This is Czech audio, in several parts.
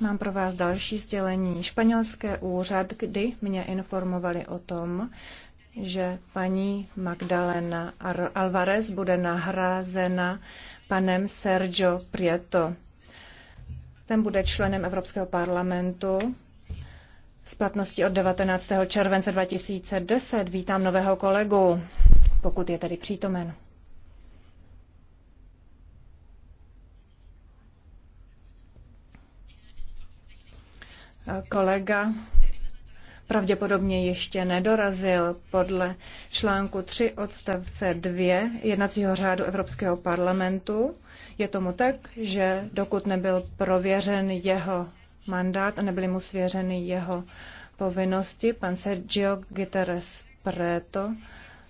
Mám pro vás další sdělení. Španělské úřad kdy mě informovali o tom, že paní Magdalena Alvarez bude nahrázena panem Sergio Prieto. Ten bude členem Evropského parlamentu s platností od 19. července 2010. Vítám nového kolegu, pokud je tedy přítomen. kolega pravděpodobně ještě nedorazil podle článku 3 odstavce 2 jednacího řádu Evropského parlamentu. Je tomu tak, že dokud nebyl prověřen jeho mandát a nebyly mu svěřeny jeho povinnosti, pan Sergio Guterres Preto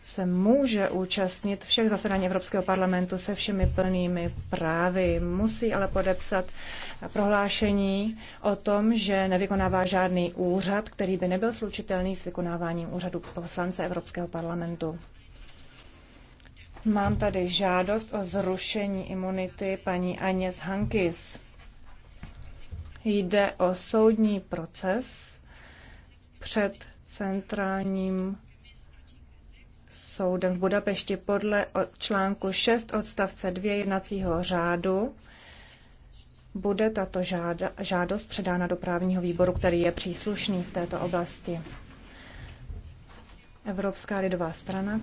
se může účastnit všech zasedání Evropského parlamentu se všemi plnými právy. Musí ale podepsat prohlášení o tom, že nevykonává žádný úřad, který by nebyl slučitelný s vykonáváním úřadu poslance Evropského parlamentu. Mám tady žádost o zrušení imunity paní Agnes Hankis. Jde o soudní proces před centrálním soudem v Budapešti podle článku 6 odstavce 2 jednacího řádu bude tato žádost předána do právního výboru, který je příslušný v této oblasti. Evropská lidová strana.